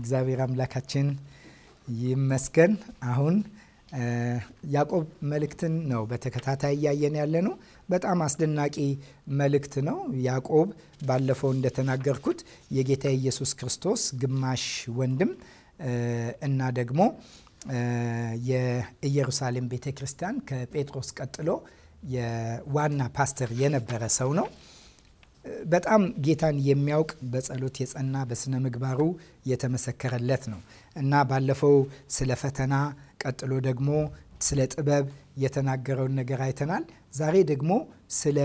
እግዚአብሔር አምላካችን ይመስገን። አሁን ያዕቆብ መልእክትን ነው በተከታታይ እያየን ያለ ነው። በጣም አስደናቂ መልእክት ነው። ያዕቆብ ባለፈው እንደተናገርኩት የጌታ ኢየሱስ ክርስቶስ ግማሽ ወንድም እና ደግሞ የኢየሩሳሌም ቤተ ክርስቲያን ከጴጥሮስ ቀጥሎ የዋና ፓስተር የነበረ ሰው ነው። በጣም ጌታን የሚያውቅ በጸሎት የጸና በስነ ምግባሩ የተመሰከረለት ነው እና ባለፈው ስለ ፈተና ቀጥሎ ደግሞ ስለ ጥበብ የተናገረውን ነገር አይተናል። ዛሬ ደግሞ ስለ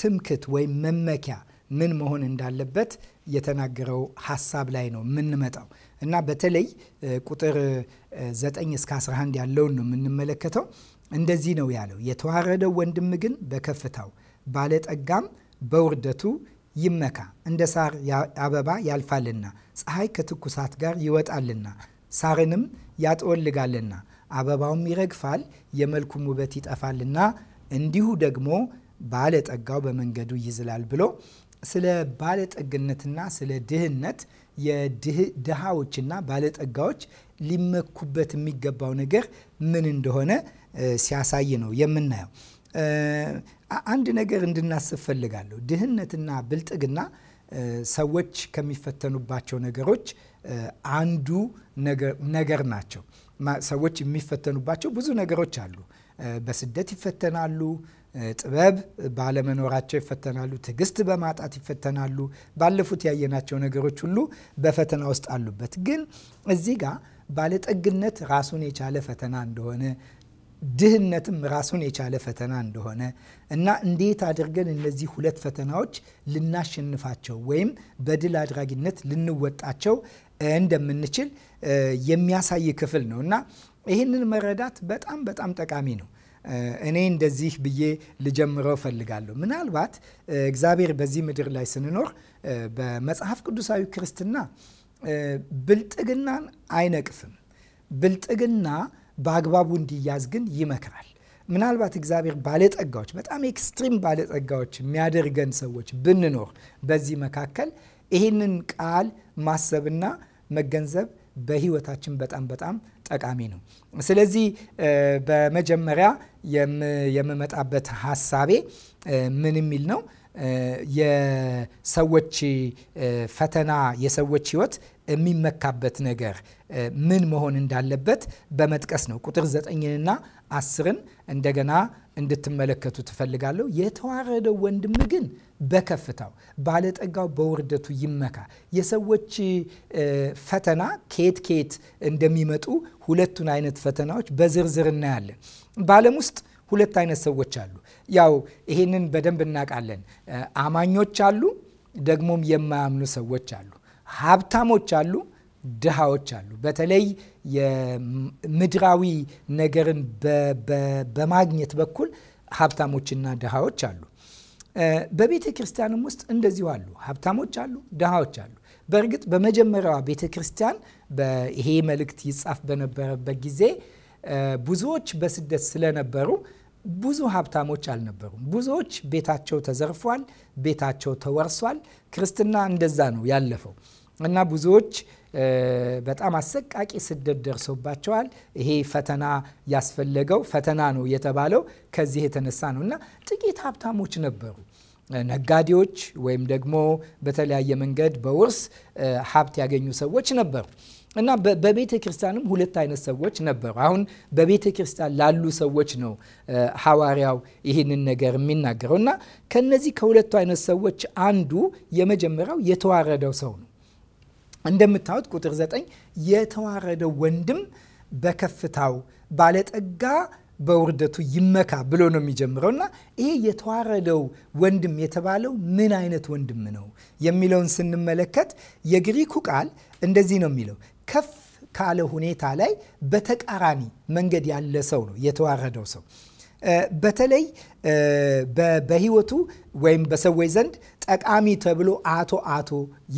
ትምክት ወይም መመኪያ ምን መሆን እንዳለበት የተናገረው ሀሳብ ላይ ነው የምንመጣው እና በተለይ ቁጥር 9 እስከ 11 ያለውን ነው የምንመለከተው። እንደዚህ ነው ያለው፣ የተዋረደው ወንድም ግን በከፍታው ባለጠጋም በውርደቱ ይመካ እንደ ሳር አበባ ያልፋልና ፀሐይ ከትኩሳት ጋር ይወጣልና ሳርንም ያጠወልጋልና አበባውም ይረግፋል፣ የመልኩም ውበት ይጠፋልና እንዲሁ ደግሞ ባለጠጋው በመንገዱ ይዝላል ብሎ ስለ ባለጠግነትና ስለ ድህነት የድሃዎችና ባለጠጋዎች ሊመኩበት የሚገባው ነገር ምን እንደሆነ ሲያሳይ ነው የምናየው። አንድ ነገር እንድናስብ ፈልጋለሁ። ድህነትና ብልጥግና ሰዎች ከሚፈተኑባቸው ነገሮች አንዱ ነገር ናቸው። ሰዎች የሚፈተኑባቸው ብዙ ነገሮች አሉ። በስደት ይፈተናሉ። ጥበብ ባለመኖራቸው ይፈተናሉ። ትዕግስት በማጣት ይፈተናሉ። ባለፉት ያየናቸው ነገሮች ሁሉ በፈተና ውስጥ አሉበት። ግን እዚህ ጋር ባለጠግነት ራሱን የቻለ ፈተና እንደሆነ ድህነትም ራሱን የቻለ ፈተና እንደሆነ እና እንዴት አድርገን እነዚህ ሁለት ፈተናዎች ልናሸንፋቸው ወይም በድል አድራጊነት ልንወጣቸው እንደምንችል የሚያሳይ ክፍል ነው እና ይህንን መረዳት በጣም በጣም ጠቃሚ ነው። እኔ እንደዚህ ብዬ ልጀምረው ፈልጋለሁ ምናልባት እግዚአብሔር በዚህ ምድር ላይ ስንኖር በመጽሐፍ ቅዱሳዊ ክርስትና ብልጥግናን አይነቅፍም። ብልጥግና በአግባቡ እንዲያዝ ግን ይመክራል። ምናልባት እግዚአብሔር ባለጠጋዎች፣ በጣም ኤክስትሪም ባለጠጋዎች የሚያደርገን ሰዎች ብንኖር በዚህ መካከል ይህንን ቃል ማሰብና መገንዘብ በህይወታችን በጣም በጣም ጠቃሚ ነው። ስለዚህ በመጀመሪያ የምመጣበት ሀሳቤ ምን የሚል ነው? የሰዎች ፈተና የሰዎች ህይወት የሚመካበት ነገር ምን መሆን እንዳለበት በመጥቀስ ነው። ቁጥር ዘጠኝንና አስርን እንደገና እንድትመለከቱ ትፈልጋለሁ። የተዋረደው ወንድም ግን በከፍታው ባለጠጋው በውርደቱ ይመካ። የሰዎች ፈተና ኬት ኬት እንደሚመጡ ሁለቱን አይነት ፈተናዎች በዝርዝር እናያለን። በዓለም ውስጥ ሁለት አይነት ሰዎች አሉ። ያው ይሄንን በደንብ እናውቃለን። አማኞች አሉ፣ ደግሞም የማያምኑ ሰዎች አሉ። ሀብታሞች አሉ፣ ድሃዎች አሉ። በተለይ የምድራዊ ነገርን በማግኘት በኩል ሀብታሞችና ድሃዎች አሉ። በቤተ ክርስቲያንም ውስጥ እንደዚሁ አሉ። ሀብታሞች አሉ፣ ድሃዎች አሉ። በእርግጥ በመጀመሪያዋ ቤተ ክርስቲያን ይሄ መልእክት ይጻፍ በነበረበት ጊዜ ብዙዎች በስደት ስለነበሩ ብዙ ሀብታሞች አልነበሩም። ብዙዎች ቤታቸው ተዘርፏል፣ ቤታቸው ተወርሷል። ክርስትና እንደዛ ነው ያለፈው እና ብዙዎች በጣም አሰቃቂ ስደት ደርሶባቸዋል። ይሄ ፈተና ያስፈለገው ፈተና ነው የተባለው ከዚህ የተነሳ ነው እና ጥቂት ሀብታሞች ነበሩ ነጋዴዎች ወይም ደግሞ በተለያየ መንገድ በውርስ ሀብት ያገኙ ሰዎች ነበሩ። እና በቤተ ክርስቲያንም ሁለት አይነት ሰዎች ነበሩ። አሁን በቤተ ክርስቲያን ላሉ ሰዎች ነው ሐዋርያው ይህንን ነገር የሚናገረው እና ከነዚህ ከሁለቱ አይነት ሰዎች አንዱ የመጀመሪያው የተዋረደው ሰው ነው። እንደምታዩት ቁጥር ዘጠኝ የተዋረደው ወንድም በከፍታው ባለጠጋ በውርደቱ ይመካ ብሎ ነው የሚጀምረው እና ይሄ የተዋረደው ወንድም የተባለው ምን አይነት ወንድም ነው የሚለውን ስንመለከት የግሪኩ ቃል እንደዚህ ነው የሚለው ከፍ ካለ ሁኔታ ላይ በተቃራኒ መንገድ ያለ ሰው ነው የተዋረደው ሰው። በተለይ በህይወቱ ወይም በሰዎች ዘንድ ጠቃሚ ተብሎ አቶ አቶ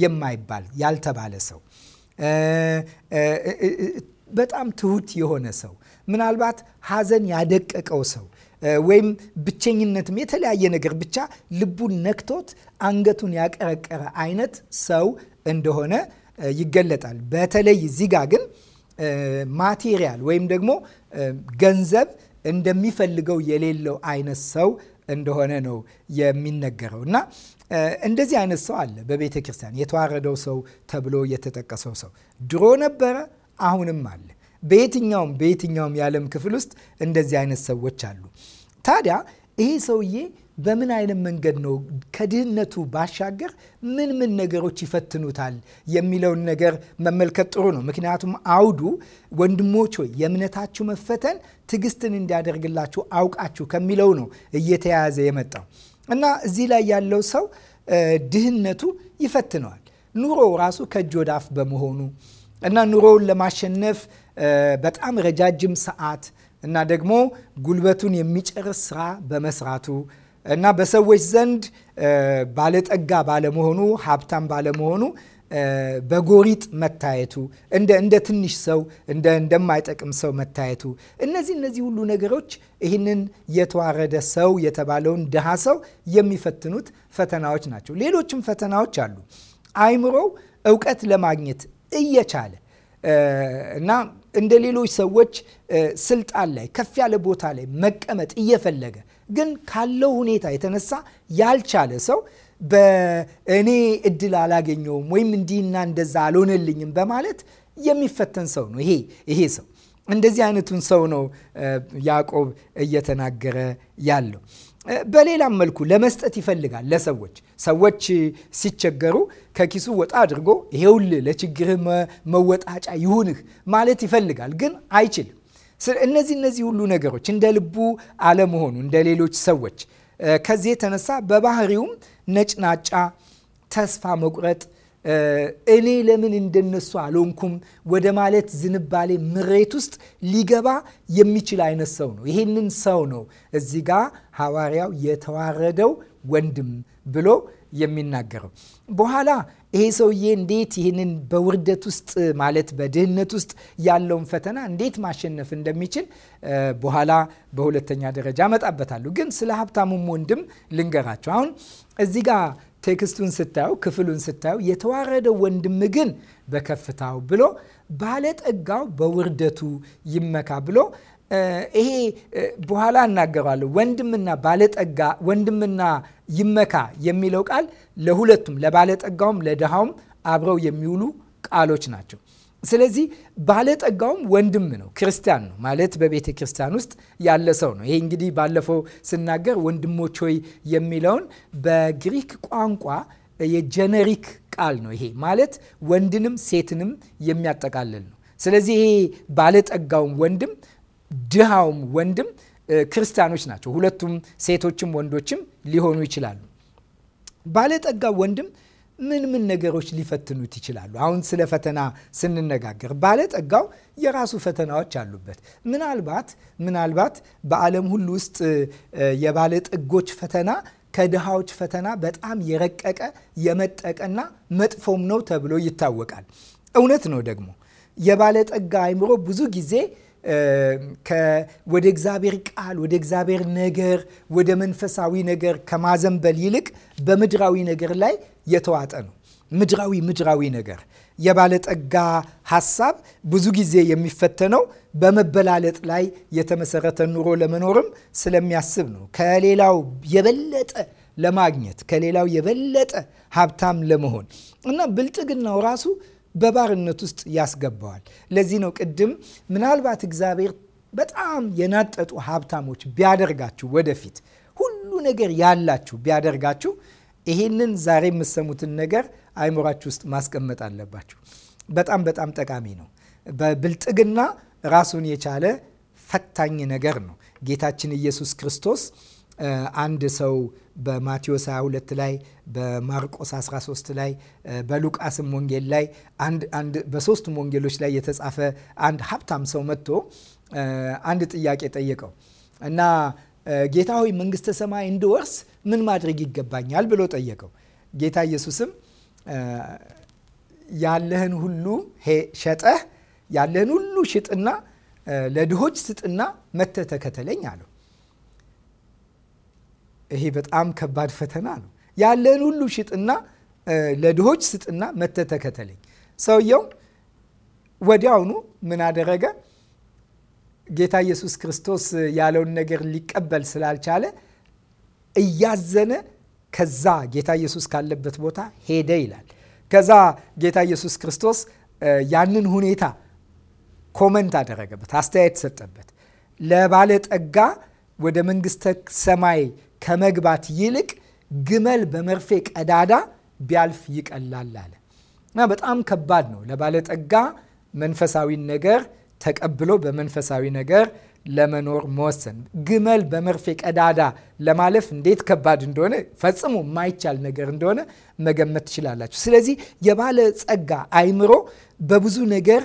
የማይባል ያልተባለ ሰው፣ በጣም ትሁት የሆነ ሰው፣ ምናልባት ሐዘን ያደቀቀው ሰው ወይም ብቸኝነትም የተለያየ ነገር ብቻ ልቡን ነክቶት አንገቱን ያቀረቀረ አይነት ሰው እንደሆነ ይገለጣል። በተለይ እዚህ ጋ ግን ማቴሪያል ወይም ደግሞ ገንዘብ እንደሚፈልገው የሌለው አይነት ሰው እንደሆነ ነው የሚነገረው እና እንደዚህ አይነት ሰው አለ በቤተ ክርስቲያን የተዋረደው ሰው ተብሎ የተጠቀሰው ሰው ድሮ ነበረ፣ አሁንም አለ። በየትኛውም በየትኛውም የዓለም ክፍል ውስጥ እንደዚህ አይነት ሰዎች አሉ። ታዲያ ይሄ ሰውዬ በምን አይነት መንገድ ነው ከድህነቱ ባሻገር ምን ምን ነገሮች ይፈትኑታል የሚለውን ነገር መመልከት ጥሩ ነው። ምክንያቱም አውዱ ወንድሞች ሆይ የእምነታችሁ መፈተን ትዕግስትን እንዲያደርግላችሁ አውቃችሁ ከሚለው ነው እየተያያዘ የመጣው እና እዚህ ላይ ያለው ሰው ድህነቱ ይፈትነዋል። ኑሮ ራሱ ከእጅ ወደ አፍ በመሆኑ እና ኑሮውን ለማሸነፍ በጣም ረጃጅም ሰዓት እና ደግሞ ጉልበቱን የሚጨርስ ስራ በመስራቱ እና በሰዎች ዘንድ ባለጠጋ ባለመሆኑ ሀብታም ባለመሆኑ በጎሪጥ መታየቱ እንደ ትንሽ ሰው እንደማይጠቅም ሰው መታየቱ እነዚህ እነዚህ ሁሉ ነገሮች ይህንን የተዋረደ ሰው የተባለውን ድሃ ሰው የሚፈትኑት ፈተናዎች ናቸው። ሌሎችም ፈተናዎች አሉ። አይምሮው እውቀት ለማግኘት እየቻለ እና እንደ ሌሎች ሰዎች ስልጣን ላይ ከፍ ያለ ቦታ ላይ መቀመጥ እየፈለገ ግን ካለው ሁኔታ የተነሳ ያልቻለ ሰው በእኔ እድል አላገኘውም ወይም እንዲህና እንደዛ አልሆነልኝም በማለት የሚፈተን ሰው ነው ይሄ ይሄ ሰው እንደዚህ አይነቱን ሰው ነው ያዕቆብ እየተናገረ ያለው። በሌላም መልኩ ለመስጠት ይፈልጋል ለሰዎች ሰዎች ሲቸገሩ ከኪሱ ወጣ አድርጎ ይሄውል ለችግርህ መወጣጫ ይሁንህ ማለት ይፈልጋል፣ ግን አይችልም። እነዚህ እነዚህ ሁሉ ነገሮች እንደ ልቡ አለመሆኑ እንደ ሌሎች ሰዎች ከዚህ የተነሳ በባህሪውም ነጭናጫ፣ ተስፋ መቁረጥ፣ እኔ ለምን እንደነሱ አልሆንኩም ወደ ማለት ዝንባሌ፣ ምሬት ውስጥ ሊገባ የሚችል አይነት ሰው ነው። ይህንን ሰው ነው እዚህ ጋር ሐዋርያው የተዋረደው ወንድም ብሎ የሚናገረው። በኋላ ይሄ ሰውዬ እንዴት ይህንን በውርደት ውስጥ ማለት በድህነት ውስጥ ያለውን ፈተና እንዴት ማሸነፍ እንደሚችል በኋላ በሁለተኛ ደረጃ አመጣበታለሁ። ግን ስለ ሀብታሙም ወንድም ልንገራቸው። አሁን እዚህ ጋር ቴክስቱን ስታዩ ክፍሉን ስታዩ የተዋረደው ወንድም ግን በከፍታው ብሎ ባለጠጋው በውርደቱ ይመካ ብሎ ይሄ በኋላ እናገረዋለሁ። ወንድምና ባለጠጋ ወንድምና ይመካ የሚለው ቃል ለሁለቱም ለባለጠጋውም ለድሃውም አብረው የሚውሉ ቃሎች ናቸው። ስለዚህ ባለጠጋውም ወንድም ነው፣ ክርስቲያን ነው ማለት በቤተ ክርስቲያን ውስጥ ያለ ሰው ነው። ይሄ እንግዲህ ባለፈው ስናገር ወንድሞች ሆይ የሚለውን በግሪክ ቋንቋ የጀነሪክ ቃል ነው። ይሄ ማለት ወንድንም ሴትንም የሚያጠቃልል ነው። ስለዚህ ይሄ ባለጠጋውም ወንድም ድሃውም ወንድም ክርስቲያኖች ናቸው። ሁለቱም ሴቶችም ወንዶችም ሊሆኑ ይችላሉ። ባለጠጋው ወንድም ምን ምን ነገሮች ሊፈትኑት ይችላሉ? አሁን ስለ ፈተና ስንነጋገር ባለጠጋው የራሱ ፈተናዎች አሉበት። ምናልባት ምናልባት በዓለም ሁሉ ውስጥ የባለጠጎች ፈተና ከድሃዎች ፈተና በጣም የረቀቀ የመጠቀና መጥፎም ነው ተብሎ ይታወቃል። እውነት ነው። ደግሞ የባለጠጋ አይምሮ ብዙ ጊዜ ወደ እግዚአብሔር ቃል፣ ወደ እግዚአብሔር ነገር፣ ወደ መንፈሳዊ ነገር ከማዘንበል ይልቅ በምድራዊ ነገር ላይ የተዋጠ ነው። ምድራዊ ምድራዊ ነገር የባለጠጋ ሀሳብ ብዙ ጊዜ የሚፈተነው በመበላለጥ ላይ የተመሰረተ ኑሮ ለመኖርም ስለሚያስብ ነው። ከሌላው የበለጠ ለማግኘት፣ ከሌላው የበለጠ ሀብታም ለመሆን እና ብልጥግናው ራሱ በባርነት ውስጥ ያስገባዋል። ለዚህ ነው ቅድም ምናልባት እግዚአብሔር በጣም የናጠጡ ሀብታሞች ቢያደርጋችሁ፣ ወደፊት ሁሉ ነገር ያላችሁ ቢያደርጋችሁ፣ ይሄንን ዛሬ የምትሰሙትን ነገር አይምሯችሁ ውስጥ ማስቀመጥ አለባችሁ። በጣም በጣም ጠቃሚ ነው። በብልጥግና ራሱን የቻለ ፈታኝ ነገር ነው። ጌታችን ኢየሱስ ክርስቶስ አንድ ሰው በማቴዎስ 22 ላይ በማርቆስ 13 ላይ በሉቃስም ወንጌል ላይ በሶስቱም ወንጌሎች ላይ የተጻፈ አንድ ሀብታም ሰው መጥቶ አንድ ጥያቄ ጠየቀው እና ጌታ ሆይ መንግስተ ሰማይ እንድወርስ ምን ማድረግ ይገባኛል ብሎ ጠየቀው። ጌታ ኢየሱስም ያለህን ሁሉ ሸጠህ ያለህን ሁሉ ሽጥና ለድሆች ስጥና መተህ ተከተለኝ አለው። ይሄ በጣም ከባድ ፈተና ነው። ያለን ሁሉ ሽጥና ለድሆች ስጥና መተህ ተከተለኝ። ሰውየው ወዲያውኑ ምን አደረገ? ጌታ ኢየሱስ ክርስቶስ ያለውን ነገር ሊቀበል ስላልቻለ እያዘነ ከዛ ጌታ ኢየሱስ ካለበት ቦታ ሄደ ይላል። ከዛ ጌታ ኢየሱስ ክርስቶስ ያንን ሁኔታ ኮመንት አደረገበት፣ አስተያየት ሰጠበት። ለባለጠጋ ወደ መንግስተ ሰማይ ከመግባት ይልቅ ግመል በመርፌ ቀዳዳ ቢያልፍ ይቀላል አለ እና በጣም ከባድ ነው ለባለጠጋ መንፈሳዊን ነገር ተቀብሎ በመንፈሳዊ ነገር ለመኖር መወሰን። ግመል በመርፌ ቀዳዳ ለማለፍ እንዴት ከባድ እንደሆነ ፈጽሞ የማይቻል ነገር እንደሆነ መገመት ትችላላችሁ። ስለዚህ የባለ ጸጋ አይምሮ በብዙ ነገር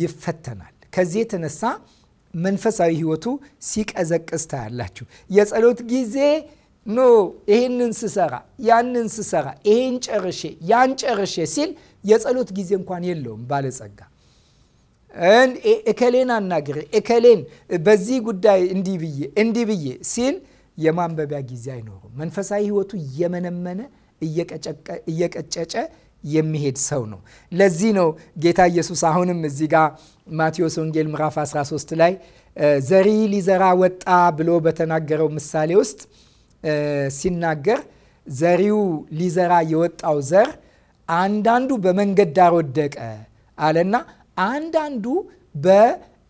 ይፈተናል። ከዚህ የተነሳ መንፈሳዊ ህይወቱ ሲቀዘቅዝ ታያላችሁ። የጸሎት ጊዜ ኖ ይህንን ስሰራ ያንን ስሰራ ይህን ጨርሼ ያን ጨርሼ ሲል የጸሎት ጊዜ እንኳን የለውም ባለጸጋ እከሌን አናግሬ እከሌን በዚህ ጉዳይ እንዲህ ብዬ እንዲህ ብዬ ሲል የማንበቢያ ጊዜ አይኖሩም። መንፈሳዊ ህይወቱ እየመነመነ እየቀጨጨ የሚሄድ ሰው ነው። ለዚህ ነው ጌታ ኢየሱስ አሁንም እዚህ ጋር ማቴዎስ ወንጌል ምዕራፍ 13 ላይ ዘሪ ሊዘራ ወጣ ብሎ በተናገረው ምሳሌ ውስጥ ሲናገር ዘሪው ሊዘራ የወጣው ዘር አንዳንዱ በመንገድ ዳር ወደቀ አለና አንዳንዱ በጭንጫ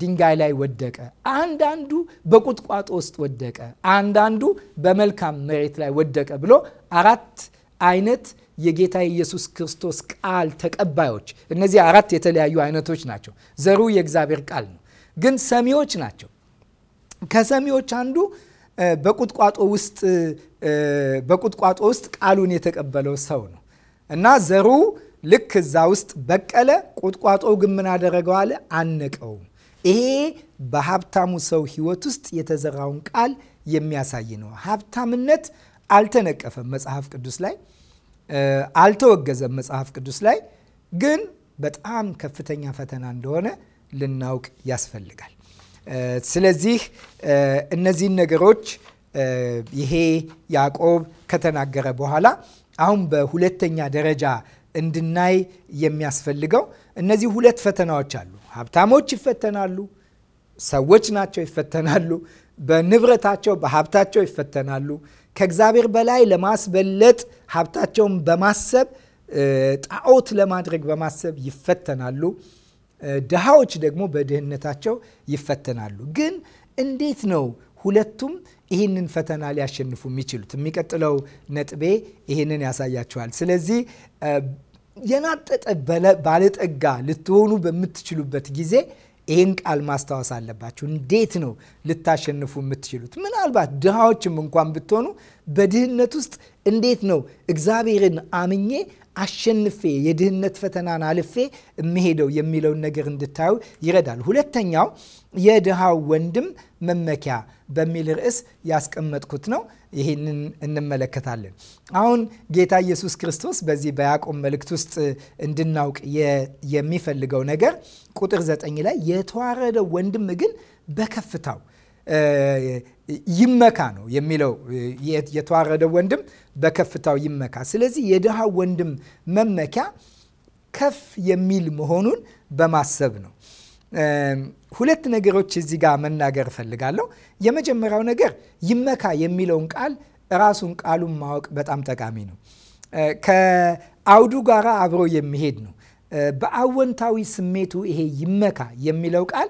ድንጋይ ላይ ወደቀ፣ አንዳንዱ በቁጥቋጦ ውስጥ ወደቀ፣ አንዳንዱ በመልካም መሬት ላይ ወደቀ ብሎ አራት አይነት የጌታ ኢየሱስ ክርስቶስ ቃል ተቀባዮች። እነዚህ አራት የተለያዩ አይነቶች ናቸው። ዘሩ የእግዚአብሔር ቃል ነው፣ ግን ሰሚዎች ናቸው። ከሰሚዎች አንዱ በቁጥቋጦ ውስጥ በቁጥቋጦ ውስጥ ቃሉን የተቀበለው ሰው ነው እና ዘሩ ልክ እዛ ውስጥ በቀለ። ቁጥቋጦ ግን ምን አደረገው አለ? አነቀውም። ይሄ በሀብታሙ ሰው ህይወት ውስጥ የተዘራውን ቃል የሚያሳይ ነው። ሀብታምነት አልተነቀፈም መጽሐፍ ቅዱስ ላይ አልተወገዘም መጽሐፍ ቅዱስ ላይ ግን በጣም ከፍተኛ ፈተና እንደሆነ ልናውቅ ያስፈልጋል። ስለዚህ እነዚህን ነገሮች ይሄ ያዕቆብ ከተናገረ በኋላ አሁን በሁለተኛ ደረጃ እንድናይ የሚያስፈልገው እነዚህ ሁለት ፈተናዎች አሉ። ሀብታሞች ይፈተናሉ፣ ሰዎች ናቸው ይፈተናሉ፣ በንብረታቸው በሀብታቸው ይፈተናሉ። ከእግዚአብሔር በላይ ለማስበለጥ ሀብታቸውን በማሰብ ጣዖት ለማድረግ በማሰብ ይፈተናሉ። ድሃዎች ደግሞ በድህነታቸው ይፈተናሉ። ግን እንዴት ነው ሁለቱም ይህንን ፈተና ሊያሸንፉ የሚችሉት? የሚቀጥለው ነጥቤ ይህንን ያሳያችኋል። ስለዚህ የናጠጠ ባለጠጋ ልትሆኑ በምትችሉበት ጊዜ ይህን ቃል ማስታወስ አለባችሁ። እንዴት ነው ልታሸንፉ የምትችሉት? ምናልባት ድሃዎችም እንኳን ብትሆኑ በድህነት ውስጥ እንዴት ነው እግዚአብሔርን አምኜ አሸንፌ የድህነት ፈተናን አልፌ የምሄደው የሚለውን ነገር እንድታዩ ይረዳል። ሁለተኛው የድሃው ወንድም መመኪያ በሚል ርዕስ ያስቀመጥኩት ነው። ይህንን እንመለከታለን። አሁን ጌታ ኢየሱስ ክርስቶስ በዚህ በያዕቆብ መልእክት ውስጥ እንድናውቅ የሚፈልገው ነገር ቁጥር ዘጠኝ ላይ የተዋረደው ወንድም ግን በከፍታው ይመካ ነው የሚለው። የተዋረደው ወንድም በከፍታው ይመካ። ስለዚህ የድሃ ወንድም መመኪያ ከፍ የሚል መሆኑን በማሰብ ነው። ሁለት ነገሮች እዚህ ጋር መናገር እፈልጋለሁ። የመጀመሪያው ነገር ይመካ የሚለውን ቃል ራሱን ቃሉን ማወቅ በጣም ጠቃሚ ነው። ከአውዱ ጋራ አብሮ የሚሄድ ነው። በአወንታዊ ስሜቱ ይሄ ይመካ የሚለው ቃል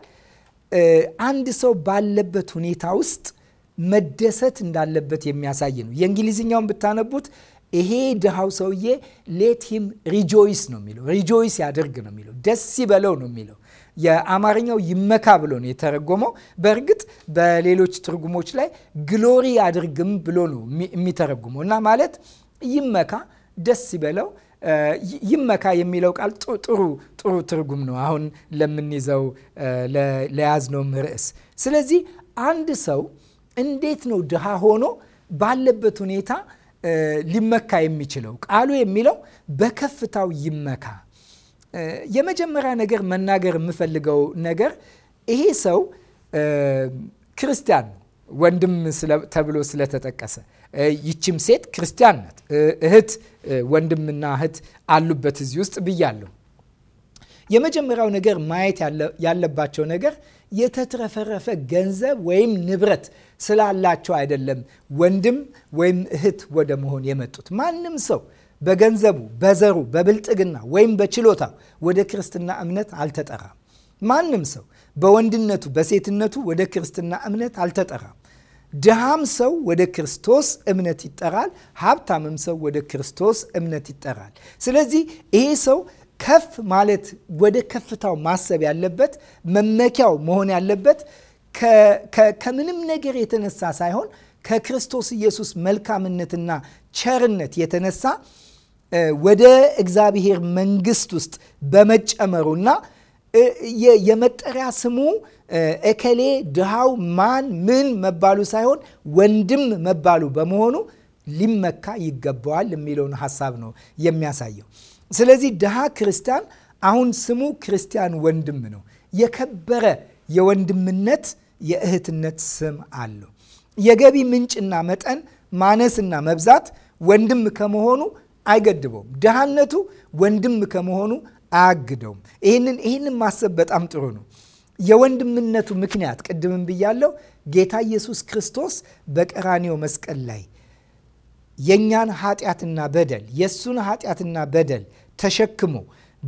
አንድ ሰው ባለበት ሁኔታ ውስጥ መደሰት እንዳለበት የሚያሳይ ነው። የእንግሊዝኛውን ብታነቡት ይሄ ድሃው ሰውዬ ሌት ሂም ሪጆይስ ነው የሚለው ሪጆይስ ያደርግ ነው የሚለው ደስ ይበለው ነው የሚለው። የአማርኛው ይመካ ብሎ ነው የተረጎመው። በእርግጥ በሌሎች ትርጉሞች ላይ ግሎሪ አድርግም ብሎ ነው የሚተረጉመው እና ማለት ይመካ፣ ደስ ይበለው ይመካ የሚለው ቃል ጥሩ ጥሩ ትርጉም ነው። አሁን ለምንይዘው ለያዝነውም ርዕስ። ስለዚህ አንድ ሰው እንዴት ነው ድሃ ሆኖ ባለበት ሁኔታ ሊመካ የሚችለው? ቃሉ የሚለው በከፍታው ይመካ። የመጀመሪያ ነገር መናገር የምፈልገው ነገር ይሄ ሰው ክርስቲያን ነው፣ ወንድም ተብሎ ስለተጠቀሰ ይችም ሴት ክርስቲያን ናት። እህት ወንድምና እህት አሉበት እዚህ ውስጥ ብያለሁ። የመጀመሪያው ነገር ማየት ያለባቸው ነገር የተትረፈረፈ ገንዘብ ወይም ንብረት ስላላቸው አይደለም ወንድም ወይም እህት ወደ መሆን የመጡት። ማንም ሰው በገንዘቡ፣ በዘሩ፣ በብልጥግና ወይም በችሎታው ወደ ክርስትና እምነት አልተጠራም። ማንም ሰው በወንድነቱ፣ በሴትነቱ ወደ ክርስትና እምነት አልተጠራም። ድሃም ሰው ወደ ክርስቶስ እምነት ይጠራል፣ ሀብታምም ሰው ወደ ክርስቶስ እምነት ይጠራል። ስለዚህ ይሄ ሰው ከፍ ማለት ወደ ከፍታው ማሰብ ያለበት መመኪያው መሆን ያለበት ከምንም ነገር የተነሳ ሳይሆን ከክርስቶስ ኢየሱስ መልካምነትና ቸርነት የተነሳ ወደ እግዚአብሔር መንግስት ውስጥ በመጨመሩና የመጠሪያ ስሙ እከሌ፣ ድሃው፣ ማን፣ ምን መባሉ ሳይሆን ወንድም መባሉ በመሆኑ ሊመካ ይገባዋል የሚለውን ሀሳብ ነው የሚያሳየው። ስለዚህ ድሃ ክርስቲያን አሁን ስሙ ክርስቲያን ወንድም ነው። የከበረ የወንድምነት የእህትነት ስም አለው። የገቢ ምንጭና መጠን ማነስና መብዛት ወንድም ከመሆኑ አይገድበውም። ድሃነቱ ወንድም ከመሆኑ አያግደውም። ይህንን ይህንን ማሰብ በጣም ጥሩ ነው። የወንድምነቱ ምክንያት ቅድምም ብያለው፣ ጌታ ኢየሱስ ክርስቶስ በቀራኔው መስቀል ላይ የእኛን ኃጢአትና በደል የእሱን ኃጢአትና በደል ተሸክሞ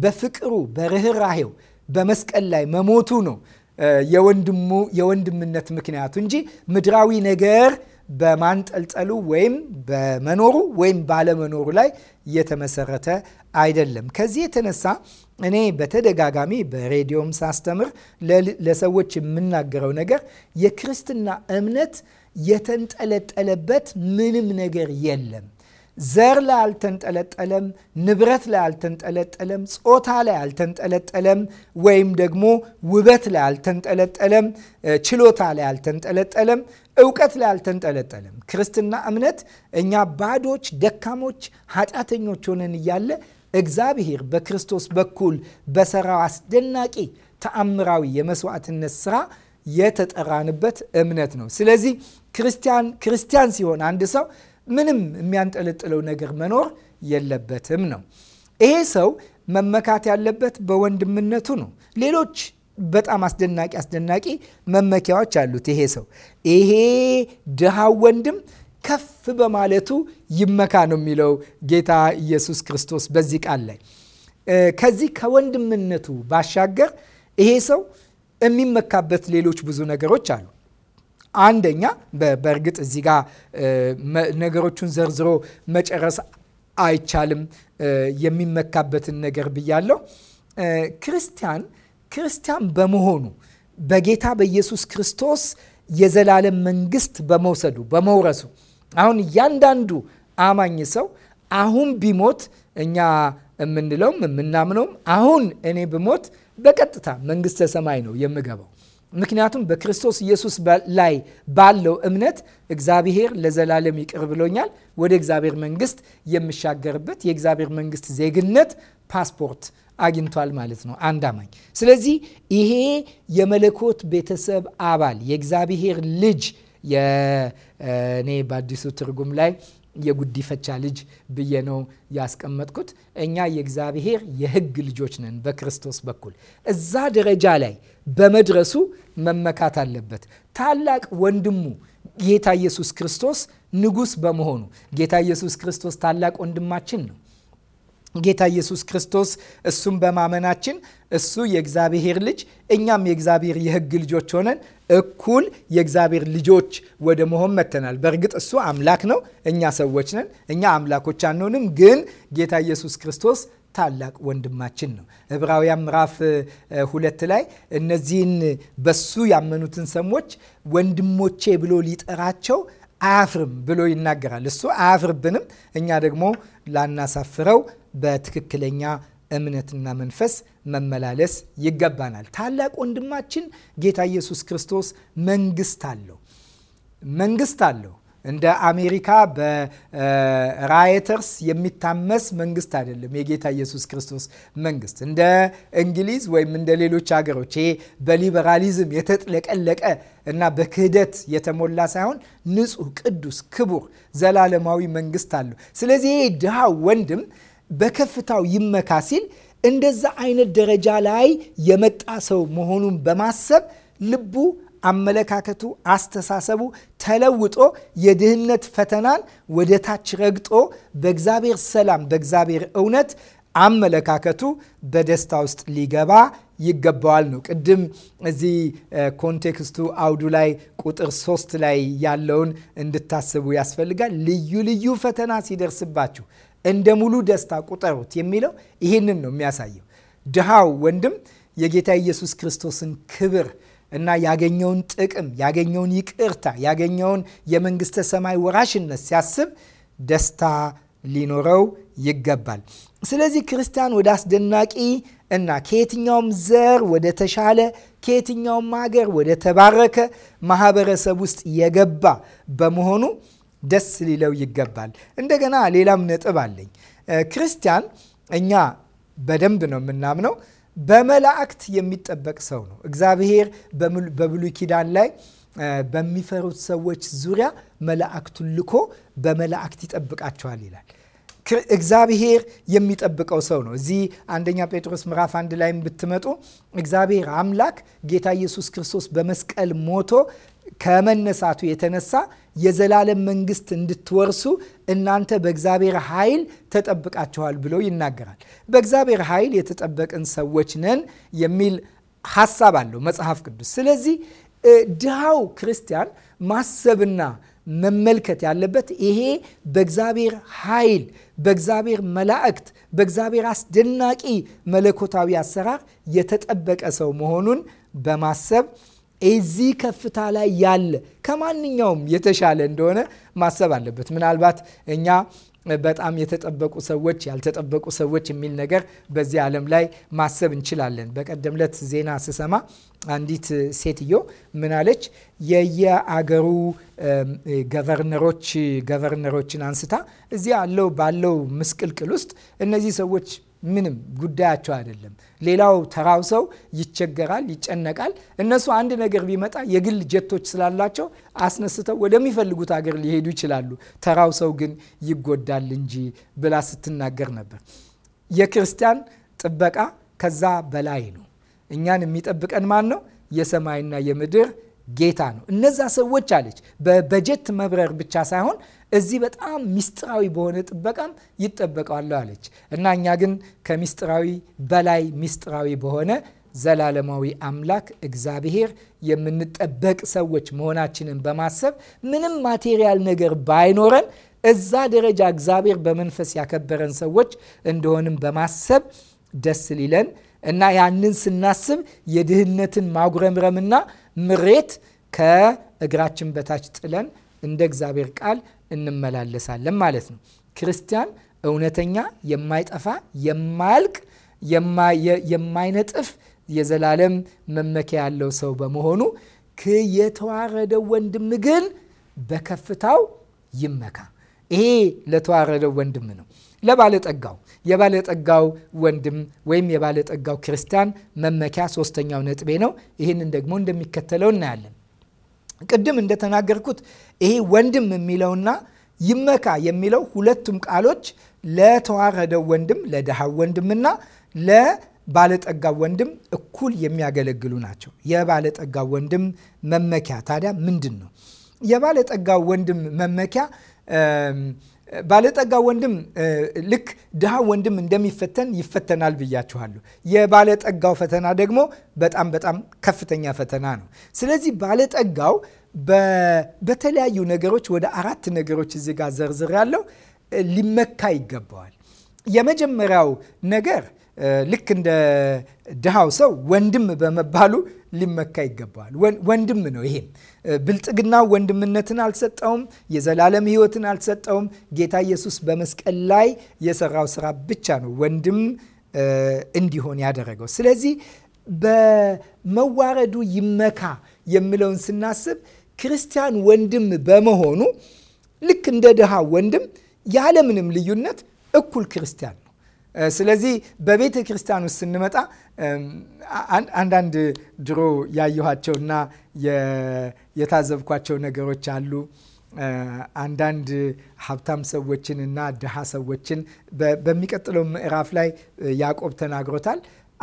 በፍቅሩ በርኅራሄው በመስቀል ላይ መሞቱ ነው የወንድሙ የወንድምነት ምክንያቱ እንጂ ምድራዊ ነገር በማንጠልጠሉ ወይም በመኖሩ ወይም ባለመኖሩ ላይ የተመሰረተ አይደለም። ከዚህ የተነሳ እኔ በተደጋጋሚ በሬዲዮም ሳስተምር ለሰዎች የምናገረው ነገር የክርስትና እምነት የተንጠለጠለበት ምንም ነገር የለም። ዘር ላይ አልተንጠለጠለም። ንብረት ላይ አልተንጠለጠለም። ጾታ ላይ አልተንጠለጠለም። ወይም ደግሞ ውበት ላይ አልተንጠለጠለም። ችሎታ ላይ አልተንጠለጠለም። እውቀት ላይ አልተንጠለጠለም። ክርስትና እምነት እኛ ባዶች፣ ደካሞች፣ ኃጢአተኞች ሆነን እያለ እግዚአብሔር በክርስቶስ በኩል በሰራው አስደናቂ ተአምራዊ የመስዋዕትነት ስራ የተጠራንበት እምነት ነው። ስለዚህ ክርስቲያን ክርስቲያን ሲሆን አንድ ሰው ምንም የሚያንጠለጥለው ነገር መኖር የለበትም ነው። ይሄ ሰው መመካት ያለበት በወንድምነቱ ነው። ሌሎች በጣም አስደናቂ አስደናቂ መመኪያዎች አሉት። ይሄ ሰው ይሄ ድሃው ወንድም ከፍ በማለቱ ይመካ ነው የሚለው ጌታ ኢየሱስ ክርስቶስ በዚህ ቃል ላይ። ከዚህ ከወንድምነቱ ባሻገር ይሄ ሰው የሚመካበት ሌሎች ብዙ ነገሮች አሉ። አንደኛ በእርግጥ እዚህ ጋር ነገሮቹን ዘርዝሮ መጨረስ አይቻልም። የሚመካበትን ነገር ብያለሁ። ክርስቲያን ክርስቲያን በመሆኑ በጌታ በኢየሱስ ክርስቶስ የዘላለም መንግስት በመውሰዱ በመውረሱ አሁን እያንዳንዱ አማኝ ሰው አሁን ቢሞት እኛ የምንለውም የምናምነውም አሁን እኔ ብሞት በቀጥታ መንግስተ ሰማይ ነው የምገባው። ምክንያቱም በክርስቶስ ኢየሱስ ላይ ባለው እምነት እግዚአብሔር ለዘላለም ይቅር ብሎኛል። ወደ እግዚአብሔር መንግስት የምሻገርበት የእግዚአብሔር መንግስት ዜግነት ፓስፖርት አግኝቷል ማለት ነው አንድ አማኝ። ስለዚህ ይሄ የመለኮት ቤተሰብ አባል የእግዚአብሔር ልጅ እኔ በአዲሱ ትርጉም ላይ የጉዲፈቻ ልጅ ብዬ ነው ያስቀመጥኩት። እኛ የእግዚአብሔር የሕግ ልጆች ነን በክርስቶስ በኩል እዛ ደረጃ ላይ በመድረሱ መመካት አለበት። ታላቅ ወንድሙ ጌታ ኢየሱስ ክርስቶስ ንጉሥ በመሆኑ ጌታ ኢየሱስ ክርስቶስ ታላቅ ወንድማችን ነው። ጌታ ኢየሱስ ክርስቶስ እሱን በማመናችን እሱ የእግዚአብሔር ልጅ እኛም የእግዚአብሔር የሕግ ልጆች ሆነን እኩል የእግዚአብሔር ልጆች ወደ መሆን መጥተናል። በእርግጥ እሱ አምላክ ነው፣ እኛ ሰዎች ነን። እኛ አምላኮች አንሆንም፣ ግን ጌታ ኢየሱስ ክርስቶስ ታላቅ ወንድማችን ነው። ዕብራውያን ምዕራፍ ሁለት ላይ እነዚህን በሱ ያመኑትን ሰሞች ወንድሞቼ ብሎ ሊጠራቸው አያፍርም ብሎ ይናገራል። እሱ አያፍርብንም፣ እኛ ደግሞ ላናሳፍረው በትክክለኛ እምነትና መንፈስ መመላለስ ይገባናል። ታላቅ ወንድማችን ጌታ ኢየሱስ ክርስቶስ መንግስት አለው መንግስት አለው። እንደ አሜሪካ በራይተርስ የሚታመስ መንግስት አይደለም። የጌታ ኢየሱስ ክርስቶስ መንግስት እንደ እንግሊዝ ወይም እንደ ሌሎች ሀገሮች ይሄ በሊበራሊዝም የተጥለቀለቀ እና በክህደት የተሞላ ሳይሆን ንጹህ፣ ቅዱስ፣ ክቡር ዘላለማዊ መንግስት አለው። ስለዚህ ይሄ ድሃ ወንድም በከፍታው ይመካ ሲል እንደዛ አይነት ደረጃ ላይ የመጣ ሰው መሆኑን በማሰብ ልቡ፣ አመለካከቱ፣ አስተሳሰቡ ተለውጦ የድህነት ፈተናን ወደ ታች ረግጦ በእግዚአብሔር ሰላም፣ በእግዚአብሔር እውነት አመለካከቱ በደስታ ውስጥ ሊገባ ይገባዋል ነው። ቅድም እዚህ ኮንቴክስቱ አውዱ ላይ ቁጥር ሶስት ላይ ያለውን እንድታስቡ ያስፈልጋል። ልዩ ልዩ ፈተና ሲደርስባችሁ እንደ ሙሉ ደስታ ቁጠሩት የሚለው ይህንን ነው የሚያሳየው። ድሃው ወንድም የጌታ ኢየሱስ ክርስቶስን ክብር እና ያገኘውን ጥቅም፣ ያገኘውን ይቅርታ፣ ያገኘውን የመንግስተ ሰማይ ወራሽነት ሲያስብ ደስታ ሊኖረው ይገባል። ስለዚህ ክርስቲያን ወደ አስደናቂ እና ከየትኛውም ዘር ወደ ተሻለ ከየትኛውም ሀገር ወደ ተባረከ ማህበረሰብ ውስጥ የገባ በመሆኑ ደስ ሊለው ይገባል። እንደገና ሌላም ነጥብ አለኝ። ክርስቲያን እኛ በደንብ ነው የምናምነው በመላእክት የሚጠበቅ ሰው ነው። እግዚአብሔር በብሉይ ኪዳን ላይ በሚፈሩት ሰዎች ዙሪያ መላእክቱን ልኮ በመላእክት ይጠብቃቸዋል ይላል። እግዚአብሔር የሚጠብቀው ሰው ነው። እዚህ አንደኛ ጴጥሮስ ምዕራፍ አንድ ላይም ብትመጡ እግዚአብሔር አምላክ ጌታ ኢየሱስ ክርስቶስ በመስቀል ሞቶ ከመነሳቱ የተነሳ የዘላለም መንግስት እንድትወርሱ እናንተ በእግዚአብሔር ኃይል ተጠብቃችኋል ብሎ ይናገራል። በእግዚአብሔር ኃይል የተጠበቅን ሰዎች ነን የሚል ሀሳብ አለው መጽሐፍ ቅዱስ። ስለዚህ ድሃው ክርስቲያን ማሰብና መመልከት ያለበት ይሄ በእግዚአብሔር ኃይል፣ በእግዚአብሔር መላእክት፣ በእግዚአብሔር አስደናቂ መለኮታዊ አሰራር የተጠበቀ ሰው መሆኑን በማሰብ እዚህ ከፍታ ላይ ያለ ከማንኛውም የተሻለ እንደሆነ ማሰብ አለበት። ምናልባት እኛ በጣም የተጠበቁ ሰዎች፣ ያልተጠበቁ ሰዎች የሚል ነገር በዚህ ዓለም ላይ ማሰብ እንችላለን። በቀደም ዕለት ዜና ስሰማ አንዲት ሴትዮ ምን አለች? የየአገሩ ገቨርነሮች ገቨርነሮችን አንስታ እዚህ አለው ባለው ምስቅልቅል ውስጥ እነዚህ ሰዎች ምንም ጉዳያቸው አይደለም። ሌላው ተራው ሰው ይቸገራል፣ ይጨነቃል። እነሱ አንድ ነገር ቢመጣ የግል ጀቶች ስላላቸው አስነስተው ወደሚፈልጉት ሀገር ሊሄዱ ይችላሉ። ተራው ሰው ግን ይጎዳል እንጂ ብላ ስትናገር ነበር። የክርስቲያን ጥበቃ ከዛ በላይ ነው። እኛን የሚጠብቀን ማን ነው? የሰማይና የምድር ጌታ ነው። እነዛ ሰዎች አለች በጀት መብረር ብቻ ሳይሆን እዚህ በጣም ሚስጥራዊ በሆነ ጥበቃም ይጠበቃሉ አለች እና እኛ ግን ከሚስጥራዊ በላይ ሚስጥራዊ በሆነ ዘላለማዊ አምላክ እግዚአብሔር የምንጠበቅ ሰዎች መሆናችንን በማሰብ ምንም ማቴሪያል ነገር ባይኖረን እዛ ደረጃ እግዚአብሔር በመንፈስ ያከበረን ሰዎች እንደሆንም በማሰብ ደስ ሊለን እና ያንን ስናስብ የድህነትን ማጉረምረምና ምሬት ከእግራችን በታች ጥለን እንደ እግዚአብሔር ቃል እንመላለሳለን ማለት ነው። ክርስቲያን እውነተኛ፣ የማይጠፋ፣ የማያልቅ፣ የማይነጥፍ የዘላለም መመኪያ ያለው ሰው በመሆኑ የተዋረደው ወንድም ግን በከፍታው ይመካ። ይሄ ለተዋረደው ወንድም ነው። ለባለጠጋው የባለጠጋው ወንድም ወይም የባለጠጋው ክርስቲያን መመኪያ ሶስተኛው ነጥቤ ነው። ይህንን ደግሞ እንደሚከተለው እናያለን። ቅድም እንደተናገርኩት ይሄ ወንድም የሚለውና ይመካ የሚለው ሁለቱም ቃሎች ለተዋረደው ወንድም ለድሃው ወንድምና ለባለጠጋው ወንድም እኩል የሚያገለግሉ ናቸው። የባለጠጋው ወንድም መመኪያ ታዲያ ምንድን ነው? የባለጠጋው ወንድም መመኪያ ባለጠጋ ወንድም ልክ ድሃ ወንድም እንደሚፈተን ይፈተናል ብያችኋለሁ። የባለጠጋው ፈተና ደግሞ በጣም በጣም ከፍተኛ ፈተና ነው። ስለዚህ ባለጠጋው በተለያዩ ነገሮች ወደ አራት ነገሮች እዚህ ጋር ዘርዝር ያለው ሊመካ ይገባዋል። የመጀመሪያው ነገር ልክ እንደ ድሃው ሰው ወንድም በመባሉ ሊመካ ይገባዋል። ወንድም ነው ይሄም ብልጥግና ወንድምነትን አልሰጠውም፣ የዘላለም ህይወትን አልሰጠውም። ጌታ ኢየሱስ በመስቀል ላይ የሰራው ስራ ብቻ ነው ወንድም እንዲሆን ያደረገው። ስለዚህ በመዋረዱ ይመካ የሚለውን ስናስብ ክርስቲያን ወንድም በመሆኑ ልክ እንደ ድሃ ወንድም ያለምንም ልዩነት እኩል ክርስቲያን ነው። ስለዚህ በቤተ ክርስቲያን ውስጥ ስንመጣ አንዳንድ ድሮ ያየኋቸውና የታዘብኳቸው ነገሮች አሉ። አንዳንድ ሀብታም ሰዎችን እና ድሃ ሰዎችን በሚቀጥለው ምዕራፍ ላይ ያዕቆብ ተናግሮታል።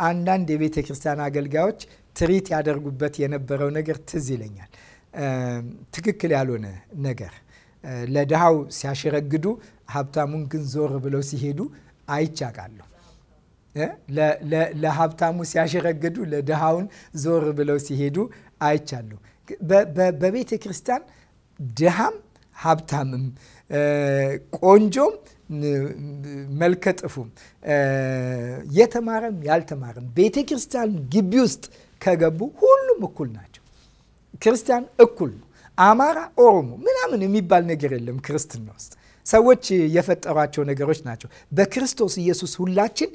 አንዳንድ የቤተ ክርስቲያን አገልጋዮች ትሪት ያደርጉበት የነበረው ነገር ትዝ ይለኛል። ትክክል ያልሆነ ነገር ለድሃው ሲያሸረግዱ፣ ሀብታሙን ግን ዞር ብለው ሲሄዱ አይቻቃሉ። ለሀብታሙ ሲያሸረግዱ፣ ለድሃውን ዞር ብለው ሲሄዱ አይቻሉ። በቤተ ክርስቲያን ድሃም ሀብታምም ቆንጆም መልከ ጥፉም የተማረም ያልተማረም ቤተ ክርስቲያን ግቢ ውስጥ ከገቡ ሁሉም እኩል ናቸው። ክርስቲያን እኩል ነው። አማራ፣ ኦሮሞ ምናምን የሚባል ነገር የለም ክርስትና ውስጥ ሰዎች የፈጠሯቸው ነገሮች ናቸው። በክርስቶስ ኢየሱስ ሁላችን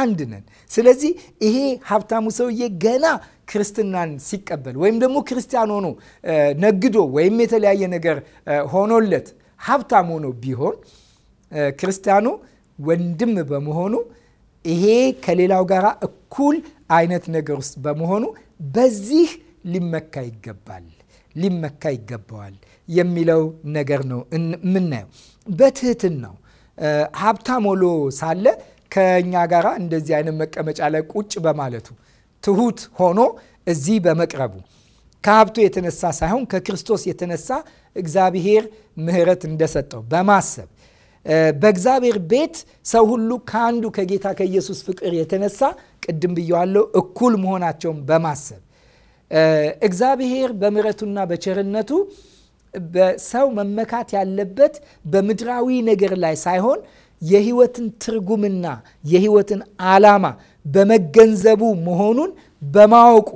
አንድ ነን። ስለዚህ ይሄ ሀብታሙ ሰውዬ ገና ክርስትናን ሲቀበል ወይም ደግሞ ክርስቲያን ሆኖ ነግዶ ወይም የተለያየ ነገር ሆኖለት ሀብታም ሆኖ ቢሆን ክርስቲያኑ ወንድም በመሆኑ ይሄ ከሌላው ጋር እኩል አይነት ነገር ውስጥ በመሆኑ በዚህ ሊመካ ይገባል ሊመካ ይገባዋል የሚለው ነገር ነው የምናየው። በትህትናው ሀብታም ሆኖ ሳለ ከእኛ ጋር እንደዚህ አይነት መቀመጫ ላይ ቁጭ በማለቱ ትሁት ሆኖ እዚህ በመቅረቡ ከሀብቱ የተነሳ ሳይሆን ከክርስቶስ የተነሳ እግዚአብሔር ምሕረት እንደሰጠው በማሰብ በእግዚአብሔር ቤት ሰው ሁሉ ከአንዱ ከጌታ ከኢየሱስ ፍቅር የተነሳ ቅድም ብየዋለሁ፣ እኩል መሆናቸውን በማሰብ እግዚአብሔር በምሕረቱና በቸርነቱ በሰው መመካት ያለበት በምድራዊ ነገር ላይ ሳይሆን የህይወትን ትርጉምና የህይወትን ዓላማ በመገንዘቡ መሆኑን በማወቁ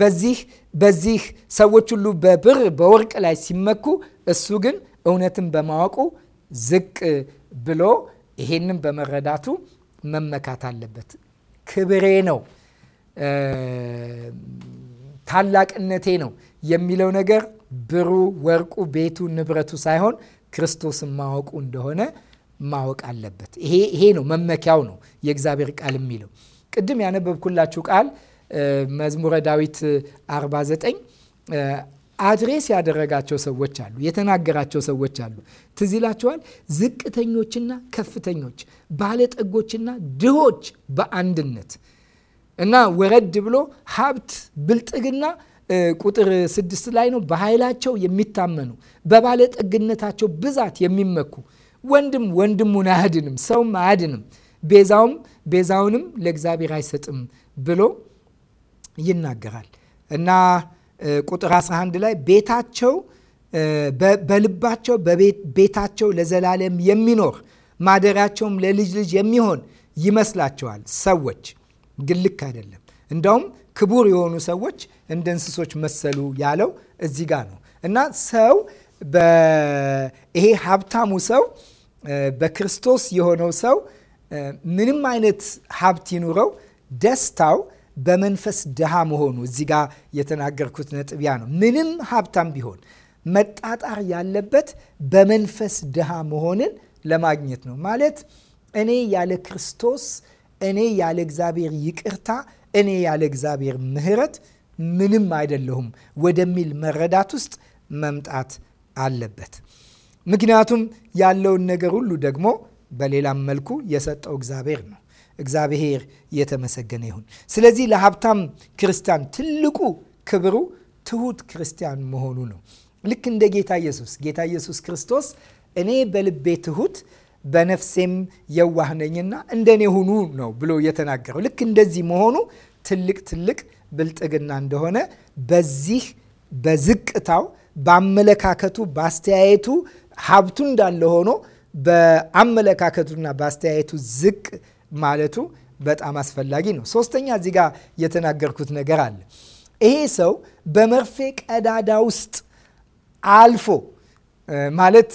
በዚህ በዚህ ሰዎች ሁሉ በብር በወርቅ ላይ ሲመኩ እሱ ግን እውነትን በማወቁ ዝቅ ብሎ ይሄንን በመረዳቱ መመካት አለበት። ክብሬ ነው ታላቅነቴ ነው የሚለው ነገር ብሩ፣ ወርቁ፣ ቤቱ፣ ንብረቱ ሳይሆን ክርስቶስን ማወቁ እንደሆነ ማወቅ አለበት። ይሄ ነው መመኪያው ነው የእግዚአብሔር ቃል የሚለው። ቅድም ያነበብኩላችሁ ቃል መዝሙረ ዳዊት 49 አድሬስ ያደረጋቸው ሰዎች አሉ፣ የተናገራቸው ሰዎች አሉ። ትዝ ይላችኋል። ዝቅተኞችና ከፍተኞች፣ ባለጠጎችና ድሆች በአንድነት እና ወረድ ብሎ ሀብት ብልጥግና ቁጥር ስድስት ላይ ነው። በኃይላቸው የሚታመኑ በባለጠግነታቸው ብዛት የሚመኩ ወንድም ወንድሙን አያድንም፣ ሰውም አያድንም፣ ቤዛውም ቤዛውንም ለእግዚአብሔር አይሰጥም ብሎ ይናገራል እና ቁጥር 11 ላይ ቤታቸው በልባቸው ቤታቸው ለዘላለም የሚኖር ማደሪያቸውም ለልጅ ልጅ የሚሆን ይመስላቸዋል። ሰዎች ግን ልክ አይደለም። እንዳውም ክቡር የሆኑ ሰዎች እንደ እንስሶች መሰሉ ያለው እዚህ ጋር ነው እና ሰው ይሄ ሀብታሙ ሰው በክርስቶስ የሆነው ሰው ምንም አይነት ሀብት ይኑረው ደስታው በመንፈስ ድሃ መሆኑ እዚህ ጋ የተናገርኩት ነጥቢያ ነው። ምንም ሀብታም ቢሆን መጣጣር ያለበት በመንፈስ ድሃ መሆንን ለማግኘት ነው። ማለት እኔ ያለ ክርስቶስ፣ እኔ ያለ እግዚአብሔር ይቅርታ፣ እኔ ያለ እግዚአብሔር ምሕረት ምንም አይደለሁም ወደሚል መረዳት ውስጥ መምጣት አለበት። ምክንያቱም ያለውን ነገር ሁሉ ደግሞ በሌላም መልኩ የሰጠው እግዚአብሔር ነው። እግዚአብሔር የተመሰገነ ይሁን። ስለዚህ ለሀብታም ክርስቲያን ትልቁ ክብሩ ትሁት ክርስቲያን መሆኑ ነው። ልክ እንደ ጌታ ኢየሱስ ጌታ ኢየሱስ ክርስቶስ እኔ በልቤ ትሁት በነፍሴም የዋህ ነኝና እንደኔ ሁኑ ነው ብሎ የተናገረው። ልክ እንደዚህ መሆኑ ትልቅ ትልቅ ብልጥግና እንደሆነ በዚህ በዝቅታው በአመለካከቱ፣ በአስተያየቱ፣ ሀብቱ እንዳለ ሆኖ በአመለካከቱና በአስተያየቱ ዝቅ ማለቱ በጣም አስፈላጊ ነው። ሶስተኛ እዚህ ጋር የተናገርኩት ነገር አለ። ይሄ ሰው በመርፌ ቀዳዳ ውስጥ አልፎ ማለት